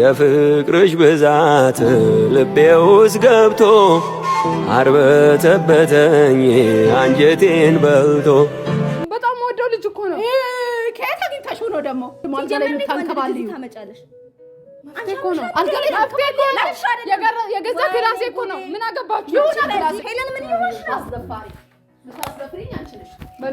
የፍቅርሽ ብዛት ልቤ ውስጥ ገብቶ አርበተበተኝ አንጀቴን በልቶ። በጣም ወደው ልጅ እኮ ነው። ከየት አግኝተሽው ነው ደግሞ አልጋ ላይ የምታንከባልዩ? የገዛ ራሴ እኮ ነው። ምን አገባችሁ? ምን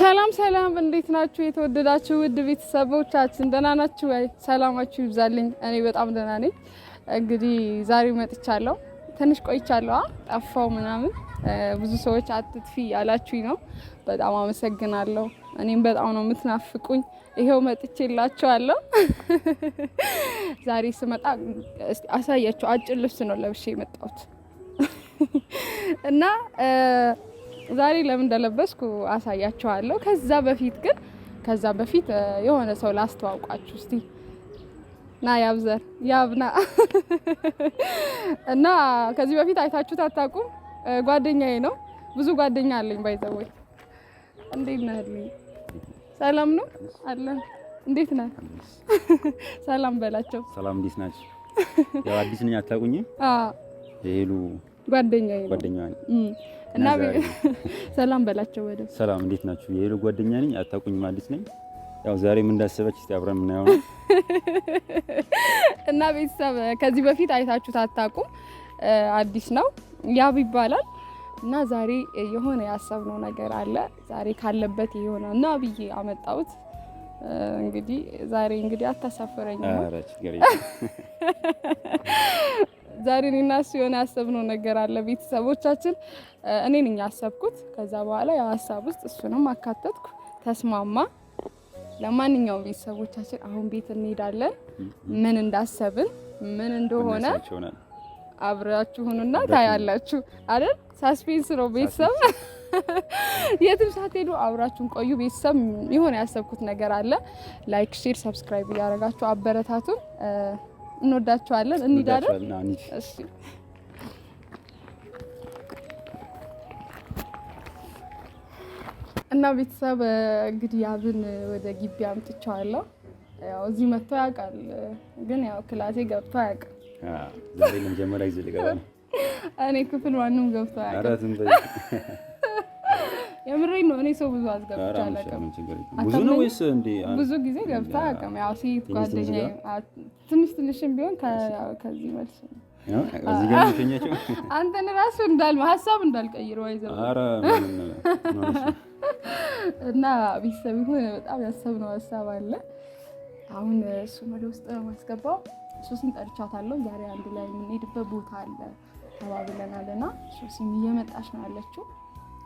ሰላም ሰላም፣ እንዴት ናችሁ? የተወደዳችሁ ውድ ቤተሰቦቻችን ደህና ናችሁ? ሰላማችሁ ይብዛልኝ። እኔ በጣም ደህና ነኝ። እንግዲህ ዛሬ መጥቻለሁ። ትንሽ ቆይቻለሁ፣ ጠፋው ምናምን። ብዙ ሰዎች አትጥፊ ያላችሁኝ ነው። በጣም አመሰግናለሁ። እኔም በጣም ነው የምትናፍቁኝ። ይሄው መጥቼላችኋለሁ። ዛሬ ስመጣ አሳያችሁ። አጭር ልብስ ነው ለብሼ የመጣሁት እና ዛሬ ለምን እንደለበስኩ አሳያችኋለሁ። ከዛ በፊት ግን ከዛ በፊት የሆነ ሰው ላስተዋውቃችሁ እስቲ። ና ያብዘር ያብና እና ከዚህ በፊት አይታችሁት አታውቁም። ጓደኛዬ ነው። ብዙ ጓደኛ አለኝ። ባይዘወይ እንዴት ነህ? ሰላም ነው አለ። እንዴት ነህ? ሰላም በላቸው። ሰላም እንዴት ናቸው? ያው አዲስ ነኝ፣ አታውቁኝም። አዎ ሄሉ ጓደኛዬ ነው። ጓደኛዬ እና ሰላም በላቸው። ወደ ሰላም እንዴት ናችሁ? የሄሎ ጓደኛ ነኝ፣ አታውቁኝም፣ አዲስ ነኝ። ያው ዛሬ ምን እንዳሰበች እስቲ አብረን የምናየው ነው። እና ቤተሰብ ከዚህ በፊት አይታችሁት አታውቁም፣ አዲስ ነው፣ ያብ ይባላል። እና ዛሬ የሆነ ያሰብነው ነገር አለ። ዛሬ ካለበት የሆነ እና ብዬ አመጣሁት። እንግዲህ ዛሬ እንግዲህ አታሳፍረኝ ነው ዛሬ እኔና እሱ የሆነ ያሰብነው ነገር አለ። ቤተሰቦቻችን እኔ ነኝ ያሰብኩት። ከዛ በኋላ ያው ሀሳብ ውስጥ እሱንም አካተትኩ፣ ተስማማ። ለማንኛውም ቤተሰቦቻችን አሁን ቤት እንሄዳለን። ምን እንዳሰብን ምን እንደሆነ አብራችሁንና ታያላችሁ አይደል? ሳስፔንስ ነው ቤተሰብ። የትም ሳትሄዱ አብራችሁን ቆዩ ቤተሰብ። የሆነ ያሰብኩት ነገር አለ። ላይክ፣ ሼር፣ ሰብስክራይብ እያደረጋችሁ አበረታቱን። እንወዳቸዋለን። እንዳለን እና ቤተሰብ እንግዲህ ያብን ወደ ግቢ አምጥቼዋለሁ። ያው እዚህ መጥቶ ያውቃል፣ ግን ያው ክላሴ ገብቶ አያውቅም። ዛሬ መጀመሪያ ጊዜ ነው። እኔ ክፍል ማንም ገብቶ አያውቅም። የምሬን ነው። እኔ ሰው ብዙ አስገብቼ ብዙ ጊዜ ገብታ አቅም ያው ሴት ጓደኛ ትንሽ ትንሽም ቢሆን ከዚህ መልስ እዚህ አንተን ራሱ እንዳል ሀሳብ እንዳልቀይር ወይ እና ቤተሰብ ሆነ በጣም ያሰብነው ሀሳብ አለ። አሁን እሱ ወደ ውስጥ ማስገባው ሶስን ጠርቻታለሁ። ዛሬ አንድ ላይ የምንሄድበት ቦታ አለ ተባብለናል እና ሶስም እየመጣች ነው ያለችው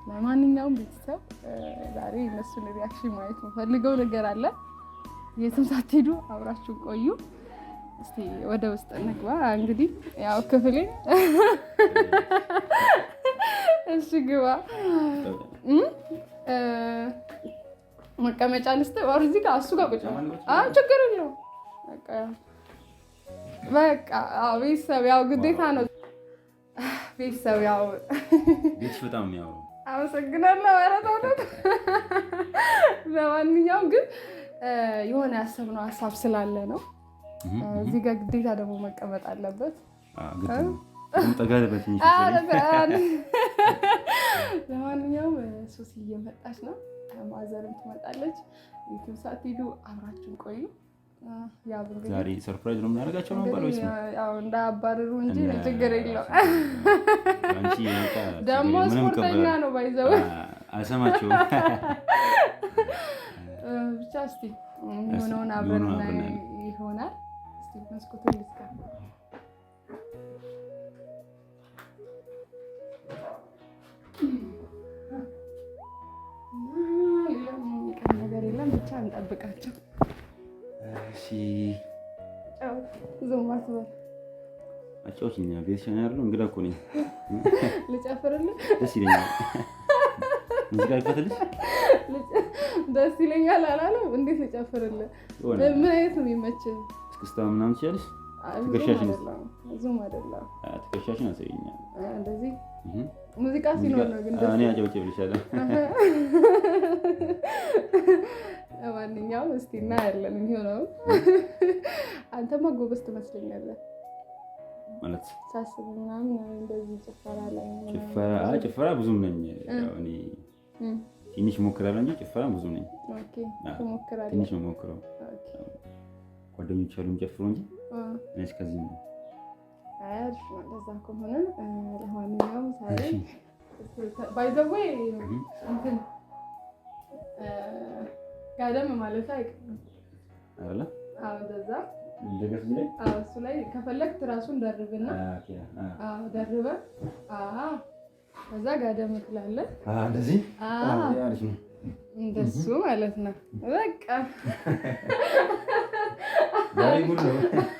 ለማንኛውም ቤተሰብ ዛሬ እነሱን ሪያክሽን ማየት የምፈልገው ነገር አለ። የትም ሳትሄዱ አብራችሁን ቆዩ። እስቲ ወደ ውስጥ እንግባ። እንግዲህ ያው ክፍሌ እሺ፣ ግባ። መቀመጫ ልስጥ ወር እዚህ ጋር እሱ ጋር ቁጭ ችግር ነው። በቃ ቤተሰብ ያው ግዴታ ነው ቤተሰብ ያው ቤት በጣም ያው አመሰግናለሁ። አረታውነት ለማንኛውም ግን የሆነ ያሰብነው ሀሳብ ስላለ ነው። እዚህ ጋር ግዴታ ደግሞ መቀመጥ አለበት። ለማንኛውም ሶስዬ እየመጣች ነው። ማዘርም ትመጣለች። የትም ሰዓት ሂዱ። ቆዩ። ዛሬ ሰርፕራይዝ ነው የምናደርጋቸው ነው ባለ ይስማ እንዳያባርሩ እንጂ ችግር የለው። ደግሞ ስፖርተኛ ነው ባይዘው አልሰማቸውም። ብቻ እስኪ የሆነውን አብረና ይሆናል። እስኪ መስኮቱን ነገር የለም። ብቻ እንጠብቃቸው። እሺ አው ዝም አትበል። አጫውችኝ። ቤትሽ ነው ያለው? እንግዳ እኮ ነኝ። ልጨፍርልህ? ደስ ይለኛል። ሙዚቃ ይፈትልሽ? ደስ ይለኛል አላለም? እንዴት ልጨፍርልህ? ምን አይነት ነው የሚመችህ? እስክስታ ምናምን ትችያለሽ? ትከሻሽን እዚሁም አይደለም ትከሻሽን አሳይኛ። እንደዚህ ሙዚቃ ሲኖር ነው ግን እኔ አጨብጭብልሻለሁ። ማንኛውም እስቲ እናያለን የሚሆነው። አንተማ ጎበዝ ትመስለኛለህ ማለት ሳስብ ምናምን እንደዚህ ጭፈራ ላይ ጭፈራ ብዙም ነኝ ትንሽ እሞክራለሁ እንጂ ጭፈራ ብዙም ነኝ። ትንሽ ነው የምሞክረው ጓደኞች አሉ የሚጨፍሩ እንጂ እሺ ከዚህ ነው። አይ እንደዛ ከሆነ ለማንኛውም ዛሬ ባይ ዘ ወይ እንትን ጋደም ማለት አይቀርም እንደዛ እሱ ላይ ከፈለግት ትራሱን ደርብና ደርበህ ከዛ ጋደም ትላለህ። እንደዚህ እንደሱ ማለት ነው በቃ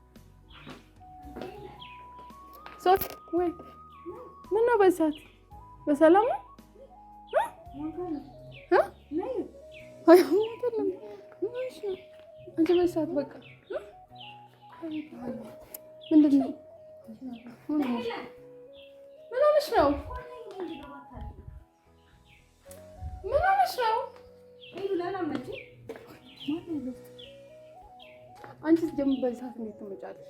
ወይ ምን ነው በዛት በሰላም ነው? አንቺ በዛት በቃ ምንድን ነው? ምን ሆነሽ ነው? ምን ሆነሽ ነው? ሰዓት እንዴት ትመጫለሽ?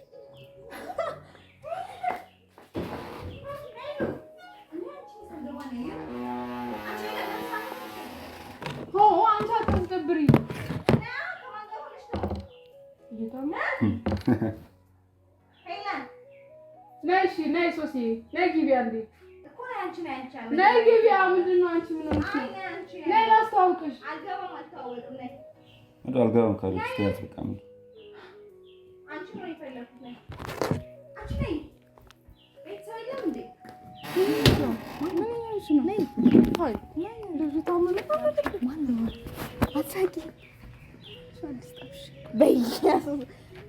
Haylan. ne mersosi, ne gibi andi? Kurançı mençamı. Ne gibi amudun ançımın ançı. Aynen ançı. Ne last avutuş? Algama matavulun ne? Hadi algama karıştı yazık amud. Ançı mı yapalım ne? Ançı ne? Ben söylemedim. Ne yapıyorsun? Ne? Hayır. Ne yapıyorsun? Tamam ne yapıyorsun? Aman Ne var. Ne sakin. Ne istemiş. Ne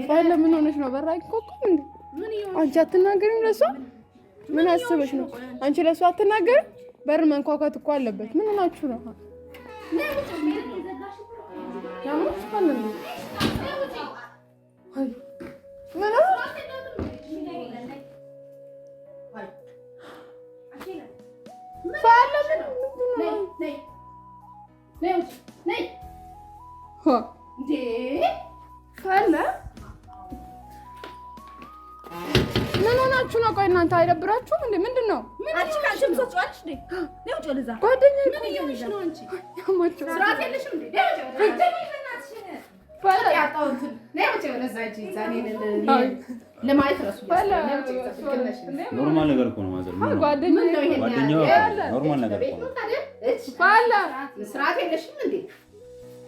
ጠፍታለ። ምን ሆነሽ ነው? በራ አይኮኩም እንዴ? አንቺ አትናገሪም ለሷ? ምን አስበሽ ነው? አንቺ ለሷ አትናገሪም? በር መንኳኳት እኮ አለበት። ምን ሆናችሁ ነው? ምን ምን ሆናችሁ ነው? ቆይ እናንተ አይደብራችሁም እንዴ? ምንድን ነው? አንቺ ነው ምን ነው? አንቺ ስራት የለሽም እንዴ? ኖርማል ነገር እኮ ነው ማዘር። ጓደኛዋ ኖርማል ነገር እኮ ነው። ስራት የለሽም እንዴ?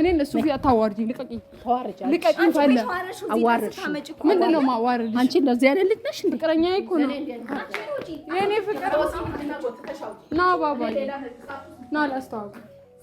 እኔን እሱ ፊት አታዋርጂኝ። ልቀቂኝ፣ ልቀቂኝ ፈለ አዋርድሽ። ምንድን ነው ማዋርድሽ? አንቺ እንደዚህ አይነት ልጅ ነሽ። ፍቅረኛዬ እኮ ነው የእኔ ፍቅር። ና ባባ፣ ና ላስተዋውቅ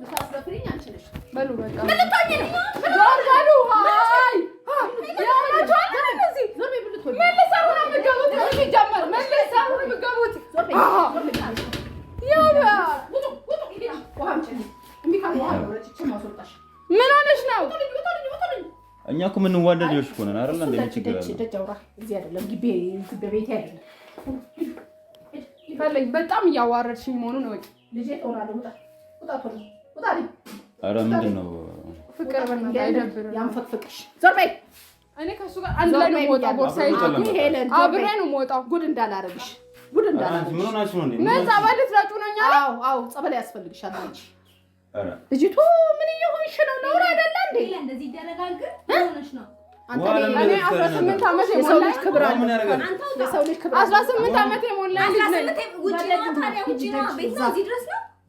ምን ሆነሽ ነው? እኛ እኮ የምንዋደድ ልጆች እኮ ነን አይደል? እንደ ችግር አይደለም። በጣም እያዋረድሽኝ መሆኑን ኧረ ምንድን ነው ፍቅር እኔ ከእሱ ጋር አንድ ላይ ነው የምወጣው። ቦርሳዬ አብሬ ነው የምወጣው። ጉድ እንዳላረግሽ፣ ጉድ እንዳላረግሽ። ምን ነው? ጸበል ነው? ጸበል ያስፈልግሻል አንቺ። ልጅቱ ምን እየሆንሽ ነው? ነውር አይደለ እንዴ? እንደዚህ ግን ሆነሽ ነው አስራ ስምንት ዓመት የሞላኝ ልጅ ነኝ።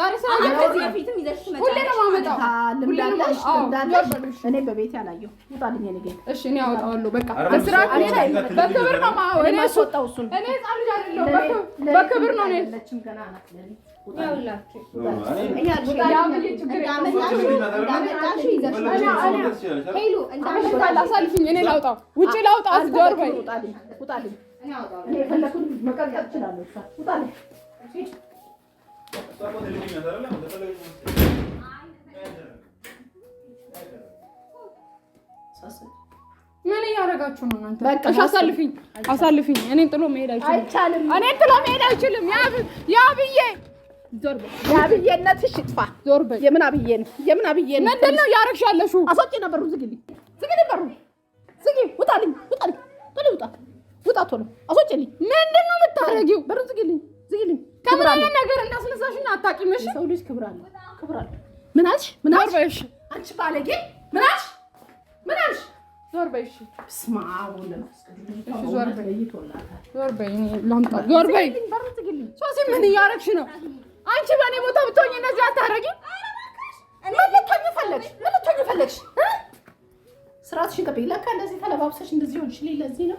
ዛሬ ስራ ከዚህ በፊትም ይዘሽ መጣ። ሁሌ ነው የማመጣው። እኔ በቤቴ አላየሁ። ይጣልኝ። እኔ ግን እሺ፣ እኔ አወጣዋለሁ። በቃ በስርዓት እኔ በክብር ነው የማወጣው። እኔ አስወጣው እሱን። እኔ ሕፃን ልጅ አይደለሁም። በክብር ነው እኔ ገና ናት። እኔ ላውጣው፣ ውጣልኝ። እኔ ውጣልኝ ምን እያደረጋችሁ ነው እናንተ? በቃ አሳልፊኝ፣ አሳልፊኝ። እኔን ጥሎ መሄድ አይችልም። እኔን ጥሎ መሄድ አይችልም። ያብዬ የአብዬነትሽ ይጥፋ። ዞር በይ። የምን አብዬ ነው? የምን አብዬ ነው? ምንድን ነው እያደረግሽ ያለሽው? አስወጪ ነበሩ። ዝግልኝ፣ ዝግልኝ፣ በሩ ዝግልኝ። ውጣልኝ፣ ውጣልኝ፣ ውጣ፣ ውጣ፣ ቶሎ አስወጪልኝ። ምንድን ነው የምታደርጊው? በሩ ዝግልኝ፣ ዝግልኝ ክብር አለ ነገር እንዳስነሳሽና አታውቂም። እሺ ሰው ልጅ ክብር አለ ክብር አለ። ምን አልሽ? ምን አልሽ? አንቺ ባለጌ ምን አልሽ? ምን አልሽ? ዞር በይ። እሺ ስማ፣ አሁን ዞር በይ፣ ዞር በይ፣ ላምጣ። ዞር በይ። ሶሲ ምን እያደረግሽ ነው? አንቺ በእኔ ቦታ ብትሆኝ እንደዚህ አታደርጊም። ምን ልትሆኝ ፈለግሽ? ምን ልትሆኝ ፈለግሽ? ስርዓትሽን ጠብቂ። ለካ እንደዚህ ተለባብሰሽ እንደዚህ ሆንሽ። ለዚህ ነው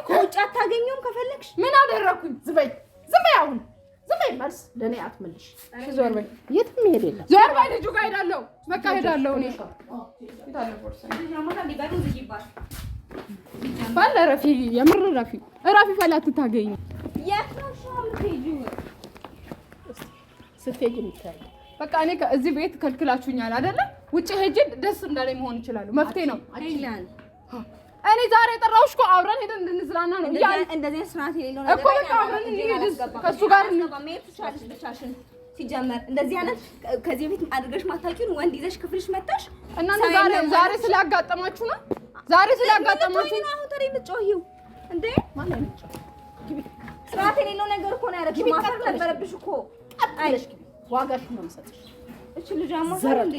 እኮ ውጭ አታገኘውም። ከፈለግሽ ምን አደረኩኝ? ዝም በይ፣ ዝም በይ፣ አሁን ዝም በይ። መልስ ለእኔ አትመልሽ። ዞር በይ፣ የትም መሄድ የለም። ዞር በይ። ልጁ ጋር ሄዳለሁ፣ በቃ ሄዳለሁ። ባለ ረፊ፣ የምር ረፊ፣ ረፊ ፈላት ታገኝ ስትሄጂ የሚታይ በቃ እኔ ከዚህ ቤት ከልክላችሁኛል አይደለ? ውጭ ሄጅን ደስ እንዳለኝ መሆን ይችላሉ። መፍትሄ ነው። እኔ ዛሬ የጠራሁሽ እኮ አብረን ሄደን እንድንዝናና ነው። እንደዚህ ስርዓት የሌለው ነገር እኮ በቃ አብረን እንሂድ ከእሱ ጋር ብቻሽን ሲጀመር እንደዚህ አይነት ከዚህ በፊት አድርገሽ ማታውቂውን ወንድ ይዘሽ ክፍልሽ መጣሽ። እናንተ ዛሬ ዛሬ ስላጋጠማችሁ ነው። ዛሬ ስላጋጠማችሁ ነው። አሁን ተሪ የምትጮሂው እንዴ? ማለት ነው ስርዓት የሌለው ነገር እኮ ነው ያደረግሽው። ማፈር ነበረብሽ እኮ። አይ ዋጋሽ ነው የምሰጥሽ። እቺ ልጅ አማራ እንዴ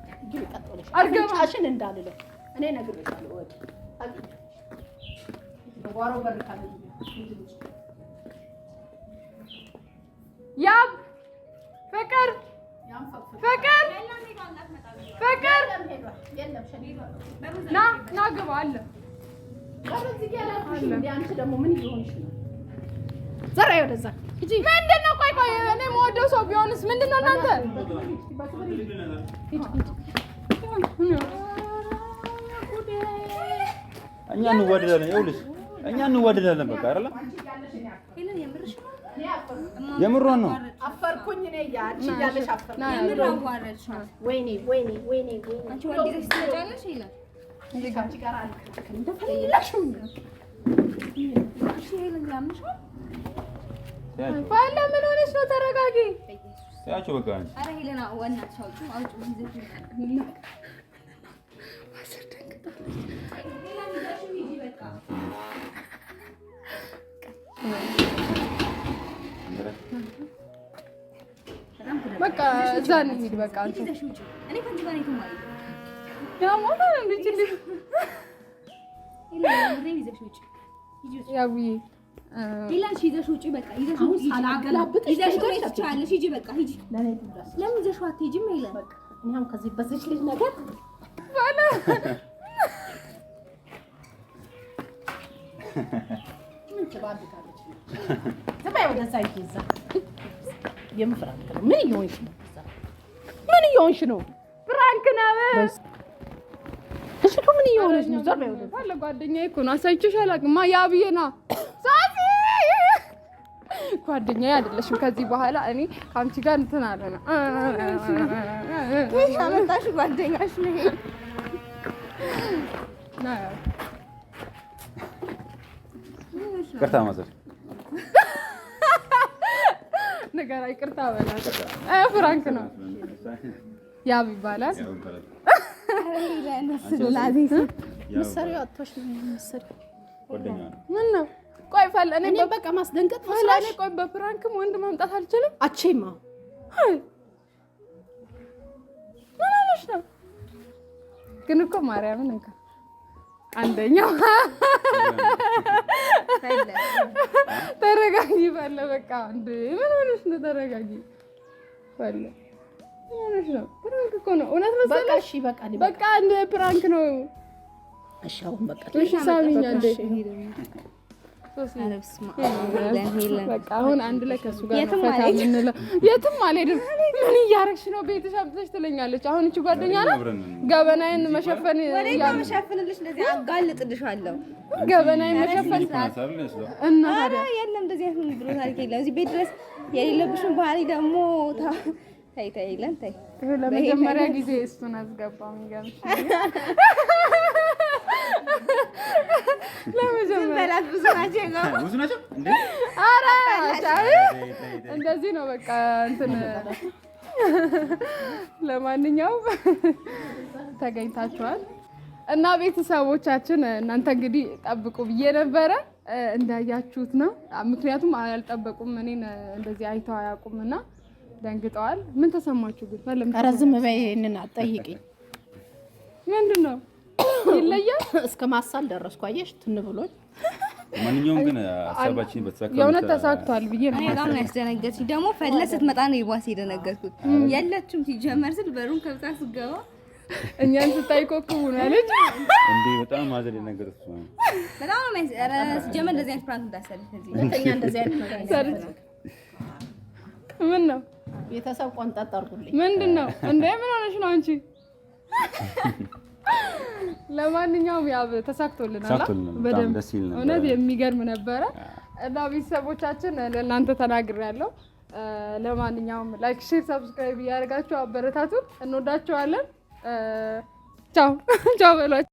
እጅ ቀጥለሽ አልገባሽን እንዳልለው እኔ ነግሬሻለሁ። ወዲህ ጓሮ በር ካለ ያም ፍቅር ፍቅር ፍቅር ና ና ግባ አለ አንቺ ደግሞ ምን እየሆንሽ ነው? ዘራ ወደዛ ምንድን ነው? ቆይ ቆይ እኔ የምወደው ሰው ቢሆንስ ምንድን ነው እናንተ እኛ እንዋደዳለን። ይኸውልሽ እኛ እንዋደዳለን። በቃ አይደለ? የምሯን ነው። አፈርኩኝ እኔ ያቺ ያለሽ አፈርኩኝ። ወይኔ ወይኔ ወይኔ አንቺ ያቸው በቃ አንቺ አረ ሄለና ዋና ቻውጭ አውጭ ይዘት በቃ እዛ እንሂድ። በቃ አንቺ እኔ ከዚህ ጋር ነው ማለት ያው ማለት ነው ልጅ ልጅ ሌላን ይዘሽ ውጪ። በቃ ይዘሽ ውጪ። አላገላብጥ ይዘሽ ትችያለሽ። ሂጂ በቃ ሂጂ። ለምን ይዘሽው አትሄጂም? ይላል በቃ እኛም ከዚህ በዚህ ልጅ ነገር ባላ ምን ትባብታለች? እየሆንሽ ነው? ፍራንክ ነው እሱ ምን እየሆነች ነው? ጓደኛዬ እኮ ነው። አሳይቼሽ አላውቅም። ያ ብዬሽ ነዋ ጓደኛዬ አይደለሽም። ከዚህ በኋላ እኔ ከአንቺ ጋር እንትን አልሆነ አመጣሽ ጓደኛሽ ነው ቅርታ ማዘር ነገር ይቅርታ በላት። ፍራንክ ነው ያብ ይባላል። ምን ነው ቆይ ፈለ እኔ በቃ ማስደንገጥ ፈላሽ። ቆይ በፍራንክም ወንድ ማምጣት አልችልም። አቼማ ምን አለሽ ነው ግን እኮ ማርያምን እንካ አንደኛው ተረጋጊ ፈለ በቃ እንደ ምን ሆነሽ ነው? ተረጋጊ ፈለ በቃ እንደ ፕራንክ ነው። እሺ አሁን በቃ እሺ ሳሚኝ አንዴ አሁን አንድ ላይ ከእሱ ጋር ነው ፈታ የምንለው። የትም አልሄድም። ምን እያደረግሽ ነው? ቤትሽ አምጥተሽ ትለኛለች። አሁን እቺ ጓደኛ ናት። ገበናዬን መሸፈን ገበናዬን መሸፈን እና የለም እንደዚህ አይነት ብሎ ታሪክ የለም። እዚህ ቤት ድረስ የሌለብሽን ባህሪ ደግሞ ታይ ታይ ለመጀመሪያ ጊዜ እሱን አስገባ የሚገርምሽ እንደዚህ ነው በቃ እንትን ለማንኛውም ተገኝታችኋል እና ቤተሰቦቻችን እናንተ እንግዲህ ጠብቁ ብዬ ነበረ። እንዳያችሁት ነው። ምክንያቱም አልጠበቁም፣ እኔን እንደዚህ አይተው አያውቁም እና ደንግጠዋል። ምን ተሰማችሁ ግን? ኧረ በይ፣ ይሄንን አትጠይቂኝ። ምንድን ነው ይለያል። እስከ ማሳል ደረስኩ። አየሽ ትን ብሎኝ። ማንኛውም ግን ሀሳባችን በተሳካ የእውነት ተሳክቷል ብዬ ነው። በጣም ነው ደግሞ ፈለስ ስትመጣ ነው የባሰ የደነገጥኩት። የለችም ሲጀመር ስል በሩን ከብታ ስገባ እኛን ስታይ ኮክቡ ነው ያለች እንዴ! በጣም ማዘል የነገርኩት ነው። በጣም ነው ሲጀመር እንደዚህ አይነት ፕራንክ እንዳሰልፍ ምን ነው ቤተሰብ ቆንጣጣ አድርጉልኝ። ምንድን ነው እንዴ? ምን ሆነሽ ነው አንቺ? ለማንኛውም ያው ተሳክቶልናል፣ በደንብ እውነት የሚገርም ነበረ እና ቤተሰቦቻችን ለእናንተ ተናግሬያለሁ። ለማንኛውም ላይክ፣ ሼር፣ ሰብስክራይብ እያደረጋችሁ አበረታቱን። እንወዳችኋለን። ቻው ቻው በሏቸው።